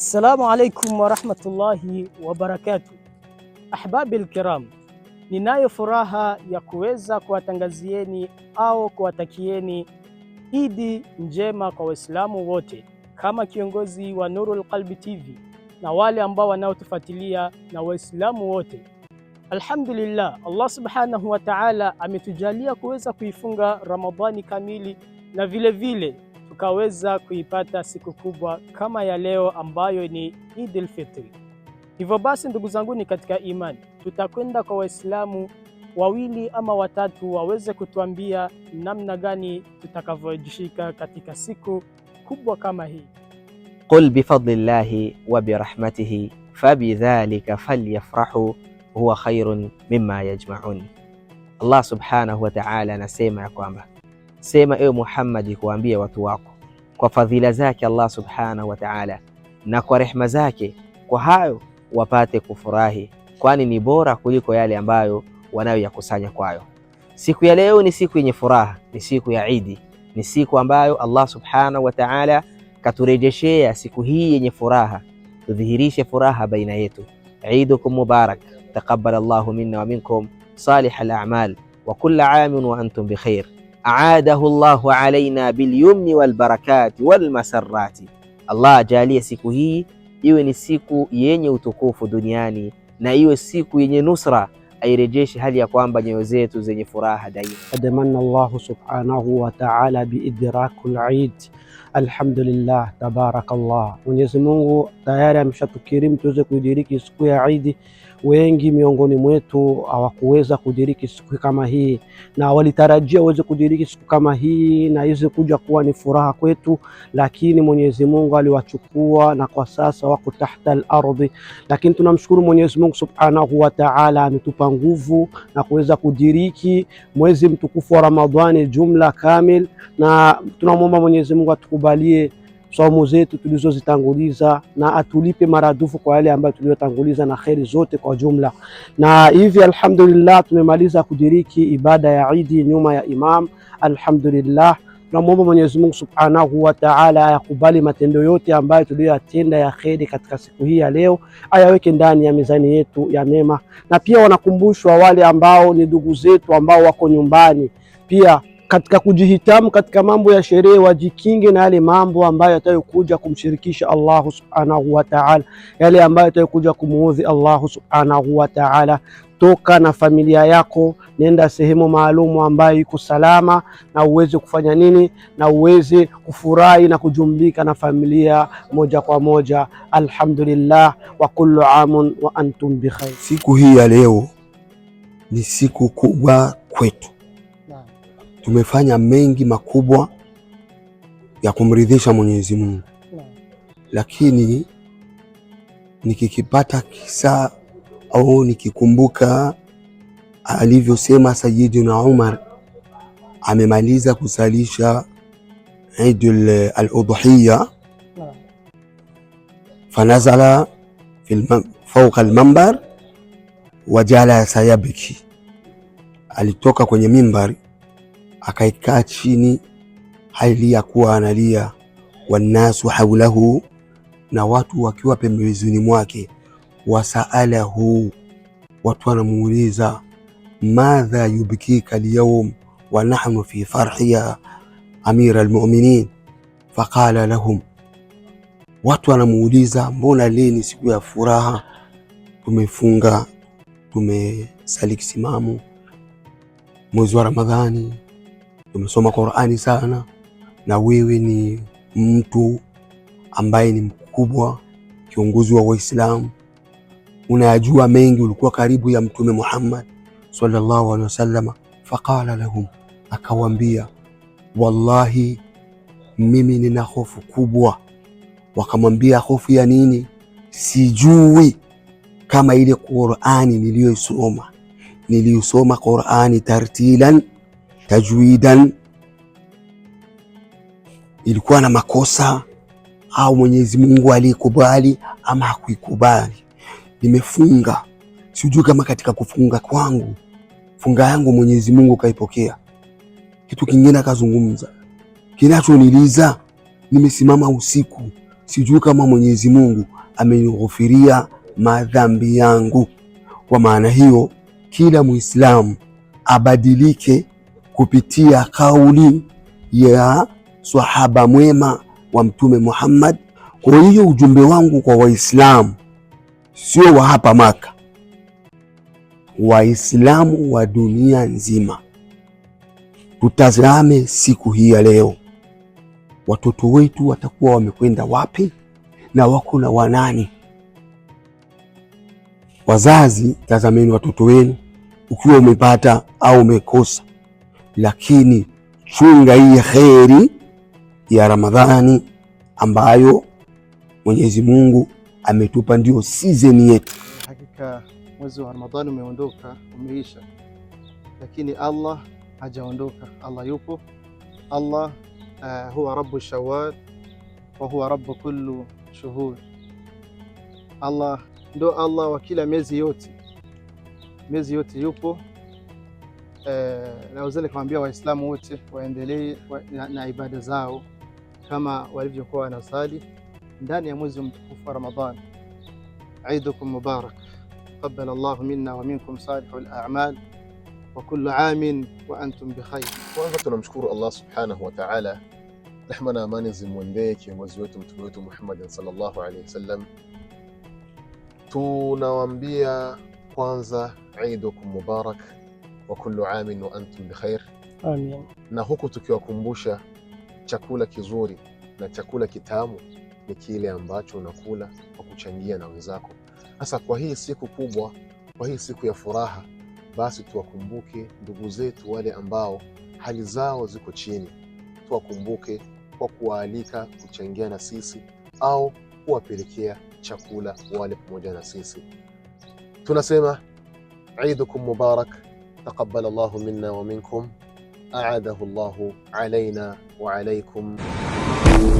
Assalamu alaikum warahmatullahi wabarakatuh, ahbabi lkiram, ninayo furaha ya kuweza kuwatangazieni au kuwatakieni Idi njema kwa Waislamu wote kama kiongozi wa Nurul Qalbi TV na wale ambao wanaotufuatilia na Waislamu wote. Alhamdulillah, Allah subhanahu wa ta'ala ametujalia kuweza kuifunga Ramadhani kamili na vilevile vile ukaweza kuipata siku kubwa kama ya leo ambayo ni al-Fitr. Hivyo basi, ndugu zangu, ni katika imani, tutakwenda kwa Waislamu wawili ama watatu waweze kutuambia namna gani tutakavyojishika katika siku kubwa kama hii. Qul fadlillahi wa birahmatihi fabidhalika falyafrahu huwa khairun mimma yajmaun. Allah subhanahu wa ta'ala anasema ya kwamba Sema ewe Muhammadi, kuambia watu wako kwa fadhila zake Allah subhanahu wa ta'ala na kwa rehma zake, kwa hayo wapate kufurahi, kwani ni bora kuliko yale ambayo wanayoyakusanya kwayo. Siku ya leo ni siku yenye furaha, ni siku ya Idi, ni siku ambayo Allah subhanahu wa ta'ala katurejeshea siku hii yenye furaha. Tudhihirishe furaha baina yetu. Idukum mubarak, taqabbal Allahu minna wa minkum salih al a'mal wa kulla amin wa antum bi khair aadahu Allahu alaina bilyumni walbarakati walmasarati. Allah ajalie siku hii iwe ni siku yenye utukufu duniani na iwe siku yenye nusra, airejeshe hali ya kwamba nyoyo zetu zenye furaha daima. Adamanna Allahu subhanahu wa ta'ala biidrakul eid. Alhamdulillah, tabarakallah. Mwenyezi Mungu tayari ameshatukirim tuweze kuidiriki siku ya Eid. Wengi miongoni mwetu hawakuweza kudiriki siku kama hii, na walitarajia waweze kudiriki siku kama hii na iweze kuja kuwa ni furaha kwetu, lakini Mwenyezi Mungu aliwachukua na kwa sasa wako tahta al-ardhi. Lakini tunamshukuru Mwenyezi Mungu Subhanahu wa Ta'ala, ametupa nguvu na kuweza kudiriki mwezi mtukufu wa Ramadhani jumla kamil, na tunamwomba Mwenyezi Mungu atukubalie somo zetu tulizozitanguliza na atulipe maradufu kwa yale ambayo tuliyotanguliza na kheri zote kwa jumla. Na hivi alhamdulillah, tumemaliza kudiriki ibada ya Idi nyuma ya imam. Alhamdulillah, tunamwomba Mwenyezi Mungu Subhanahu wa Ta'ala ayakubali matendo yote ambayo tuliyoyatenda ya kheri katika siku hii ya leo, ayaweke ndani ya mizani yetu ya mema. Na pia wanakumbushwa wale ambao ni ndugu zetu ambao wako nyumbani pia katika kujihitamu katika mambo ya sherehe wajikinge na yale mambo ambayo yatayokuja kumshirikisha Allahu subhanahu wa ta'ala, yale ambayo yatayokuja kumuudhi Allahu subhanahu wa ta'ala. Toka na familia yako, nenda sehemu maalumu ambayo iko salama, na uweze kufanya nini, na uweze kufurahi na kujumlika na familia moja kwa moja. Alhamdulillah, wa kullu amun wa antum bikhair. Siku hii ya leo ni siku kubwa kwetu tumefanya mengi makubwa ya kumridhisha Mwenyezi Mungu, lakini nikikipata kisa au nikikumbuka alivyosema Sayyidina Umar, amemaliza kusalisha Idul al-Udhiya fanazala fauka al wajala wajalasa alitoka kwenye mimbari akaikaa chini hali ya kuwa analia, wannasu haulahu, na watu wakiwa pembezoni mwake, wasaalahu, watu wanamuuliza, madha yubkika lyaum wa nahnu fi farhi ya amira almuminin, faqala lahum, watu wanamuuliza, mbona leni ni siku ya furaha, tumefunga tumesali kisimamu mwezi wa Ramadhani umesoma Qur'ani sana, na wewe ni mtu ambaye ni mkubwa, kiongozi wa Waislamu, unayajua mengi, ulikuwa karibu ya Mtume Muhammad sallallahu alaihi wasallam. Faqala lahum, akawaambia wallahi, mimi nina hofu kubwa. Wakamwambia hofu ya nini? Sijui kama ile Qur'ani niliyoisoma, niliisoma Qur'ani tartilan tajwidan ilikuwa na makosa au Mwenyezi Mungu alikubali ama hakuikubali. Nimefunga, sijui kama katika kufunga kwangu funga yangu Mwenyezi Mungu kaipokea. Kitu kingine akazungumza, kinachoniliza nimesimama usiku, sijui kama Mwenyezi Mungu amenighufiria madhambi yangu. Kwa maana hiyo, kila Muislamu abadilike kupitia kauli ya swahaba mwema wa Mtume Muhammad. Kwa hiyo ujumbe wangu kwa Waislamu sio wa hapa Maka, Waislamu wa dunia nzima, tutazame siku hii ya leo, watoto wetu watakuwa wamekwenda wapi na wako na wanani? Wazazi, tazameni watoto wenu, ukiwa umepata au umekosa lakini chunga hii kheri ya Ramadhani ambayo Mwenyezi Mungu ametupa, ndio season yetu. Hakika mwezi wa Ramadhani umeondoka, umeisha, lakini Allah hajaondoka. Allah yupo. Allah uh, huwa rabbu shawal wa huwa rabbu kullu shuhur. Allah ndo Allah wa kila miezi yote, miezi yote yupo. naweza kuambia Waislamu wote waendelee na, na ibada zao kama walivyokuwa wanasali ndani ya mwezi mtukufu wa Ramadhan. Idukum mubarak taqabbal Allahu minna wa minkum salihul a'mal wa kullu amin wa antum bi Kwanza tunamshukuru Allah subhanahu wa ta'ala, rehma na amani zimwendee kiongozi wetu mtume wetu Muhammad sallallahu alayhi wasallam. Tunawaambia kwanza idukum mubarak wa kullu amin wa antum bikhair. Amin. Na huku tukiwakumbusha chakula kizuri na chakula kitamu ni kile ambacho unakula kwa kuchangia na wenzako. Sasa kwa hii siku kubwa, kwa hii siku ya furaha, basi tuwakumbuke ndugu zetu wale ambao hali zao ziko chini, tuwakumbuke kwa kuwaalika kuchangia na sisi au kuwapelekea chakula wale pamoja na sisi. Tunasema idukum mubarak تقبل الله منا ومنكم أعاده الله علينا وعليكم